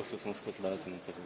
o să sunt scot la alții, nu înțeleg.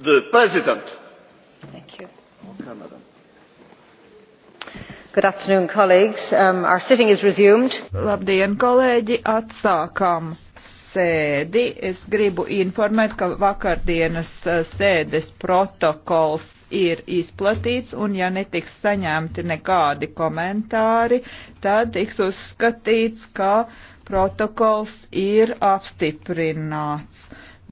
the president. Thank you. Okay, madam. Good afternoon, colleagues. Um, our sitting is resumed. Labdien, kolēģi, atsākam sēdi. Es gribu informēt, ka vakardienas uh, sēdes protokols ir izplatīts, un ja netiks saņemti nekādi komentāri, tad tiks uzskatīts, ka protokols ir apstiprināts.